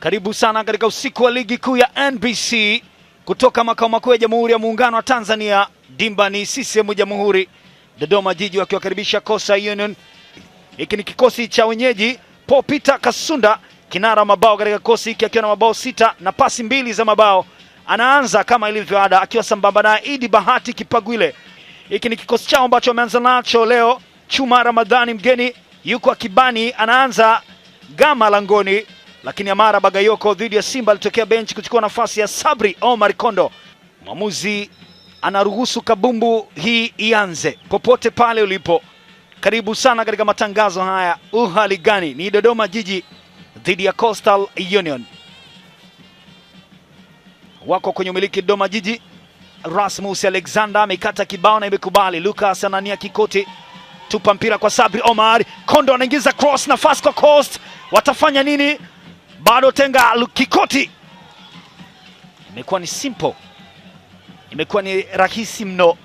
Karibu sana katika usiku wa ligi kuu ya NBC kutoka makao makuu ya Jamhuri ya Muungano wa Tanzania, dimba ni CCM Jamhuri, Dodoma Jiji wakiwakaribisha Coastal Union. Hiki ni kikosi cha wenyeji, Paul Peter Kasunda kinara mabao katika kikosi hiki akiwa na mabao sita na pasi mbili za mabao. Anaanza kama ilivyo ada akiwa sambamba na Idi Bahati Kipagwile. Hiki ni kikosi chao ambacho wameanza nacho leo. Chuma Ramadhani mgeni yuko akibani, anaanza Gama langoni lakini Amara Bagayoko dhidi ya Simba alitokea benchi kuchukua nafasi ya Sabri Omar Kondo. Mwamuzi anaruhusu kabumbu hii ianze. Popote pale ulipo, karibu sana katika matangazo haya. Uhali gani? Ni Dodoma Jiji dhidi ya Coastal Union, wako kwenye umiliki Dodoma Jiji. Rasmus Alexander amekata kibao na imekubali. Lucas Anania Kikoti tupa mpira kwa Sabri Omar Kondo, anaingiza cross, nafasi kwa Coast, watafanya nini? bado tenga Kikoti. Imekuwa ni simple, imekuwa ni rahisi mno,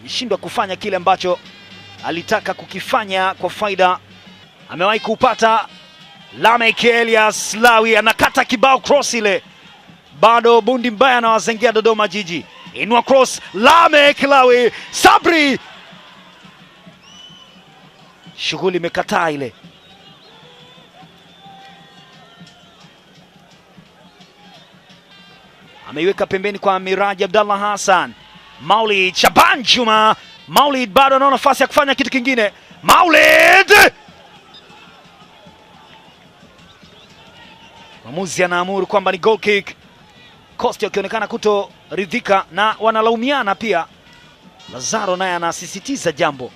ameshindwa kufanya kile ambacho alitaka kukifanya kwa faida. Amewahi kuupata Lameck Elias Lawi, anakata kibao cross ile, bado bundi mbaya anawazengea Dodoma Jiji. Inua cross Lameck Lawi, Sabri, shughuli imekataa ile. ameiweka pembeni kwa Miraji Abdallah Hassan. Maulid Shaban Juma, Maulid bado anao nafasi ya kufanya kitu kingine. Maulid mwamuzi anaamuru kwamba ni goal kick. Costi akionekana kutoridhika na wanalaumiana pia. Lazaro naye anasisitiza jambo,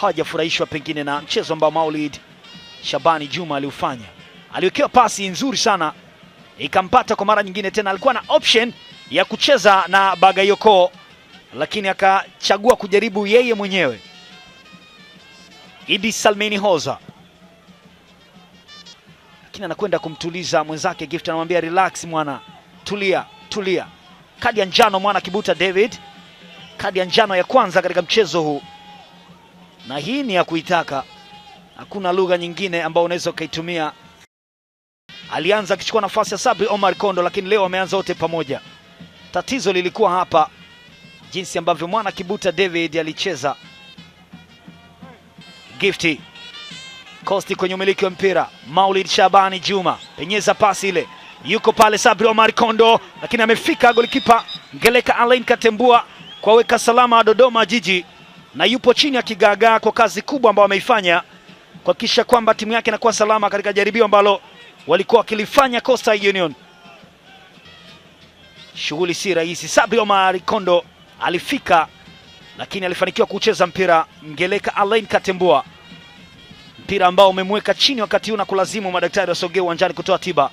hawajafurahishwa pengine na mchezo ambao Maulid Shabani Juma aliufanya. Aliwekewa pasi nzuri sana ikampata kwa mara nyingine tena. Alikuwa na option ya kucheza na Bagayoko, lakini akachagua kujaribu yeye mwenyewe. Idi Salmini Hoza lakini anakwenda kumtuliza mwenzake Gift, anamwambia relax mwana, tulia tulia. Kadi ya njano mwana Kibuta David, kadi ya njano ya kwanza katika mchezo huu, na hii ni ya kuitaka. Hakuna lugha nyingine ambayo unaweza ukaitumia alianza akichukua nafasi ya Sabri Omar Kondo, lakini leo ameanza wote pamoja. Tatizo lilikuwa hapa jinsi ambavyo mwana Kibuta David alicheza. Gifti Kosti kwenye umiliki wa mpira, Maulid Shabani Juma penyeza pasi ile, yuko pale Sabri Omar Kondo, lakini amefika golikipa Ngeleka Alain Katembua kwa weka salama Dodoma Jiji, na yupo chini ya akigaagaa kwa kazi kubwa ambayo ameifanya kuhakikisha kwamba timu yake inakuwa salama katika jaribio ambalo walikuwa wakilifanya Coastal Union. Shughuli si rahisi. Sabio Marikondo alifika lakini alifanikiwa kucheza mpira Ngeleka Alain Katembua, mpira ambao umemweka chini wakati huu na kulazimu madaktari wasogee uwanjani kutoa tiba.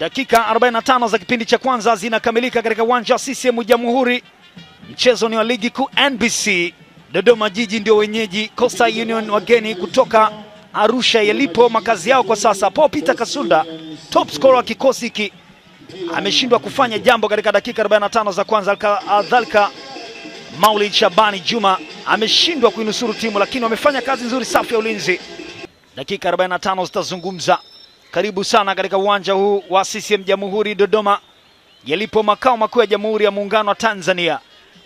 Dakika 45 za kipindi cha kwanza zinakamilika katika uwanja wa CCM Jamhuri. Mchezo ni wa ligi kuu NBC. Dodoma Jiji ndio wenyeji, Coastal Union wageni kutoka Arusha yalipo makazi yao kwa sasa. Paul Peter Kasunda, top scorer wa kikosi hiki, ameshindwa kufanya jambo katika dakika 45 za kwanza. Kadhalika Maulid Shabani Juma ameshindwa kuinusuru timu, lakini wamefanya kazi nzuri safu ya ulinzi. Dakika 45 zitazungumza. Karibu sana katika uwanja huu wa CCM Jamhuri Dodoma, yalipo makao makuu ya Jamhuri ya Muungano wa Tanzania.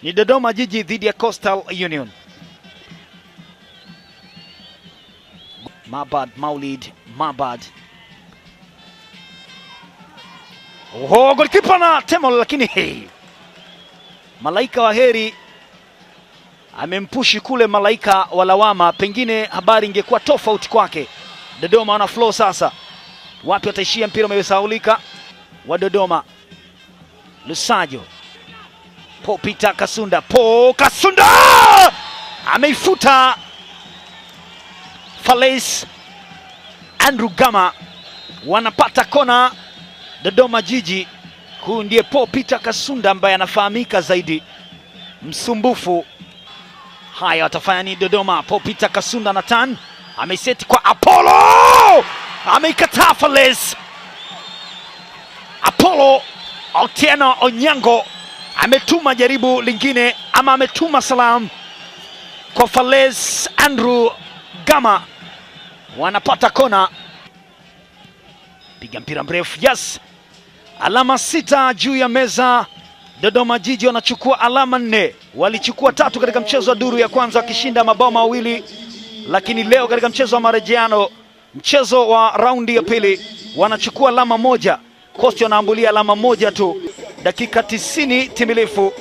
Ni Dodoma Jiji dhidi ya Coastal Union. Mabad Maulid Mabad. Oho, golkipa na temo, lakini hey. malaika wa heri amempushi kule, malaika wa lawama. Pengine habari ingekuwa tofauti kwake. Dodoma wana flow sasa, wapi wataishia mpira umesaulika wa Dodoma. Lusajo Popita Kasunda po Kasunda ameifuta Palace Andrew Gama wanapata kona Dodoma Jiji. Huyu ndiye Paul Peter Kasunda ambaye anafahamika zaidi msumbufu. Haya, watafanya nini Dodoma? Paul Peter Kasunda na tan ameseti kwa Apollo, ameikataa Palace. Apollo Otieno Onyango ametuma jaribu lingine ama ametuma salamu kwa Fales Andrew Gama wanapata kona, piga mpira mrefu, yes. Alama sita juu ya meza. Dodoma Jiji wanachukua alama nne, walichukua tatu katika mchezo wa duru ya kwanza wakishinda mabao mawili, lakini leo katika mchezo wa marejeano, mchezo wa raundi ya pili wanachukua alama moja. Coastal wanaambulia alama moja tu. Dakika tisini timilifu,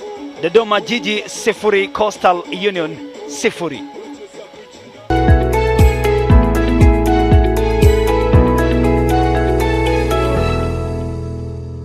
Dodoma Jiji sifuri, Coastal Union sifuri.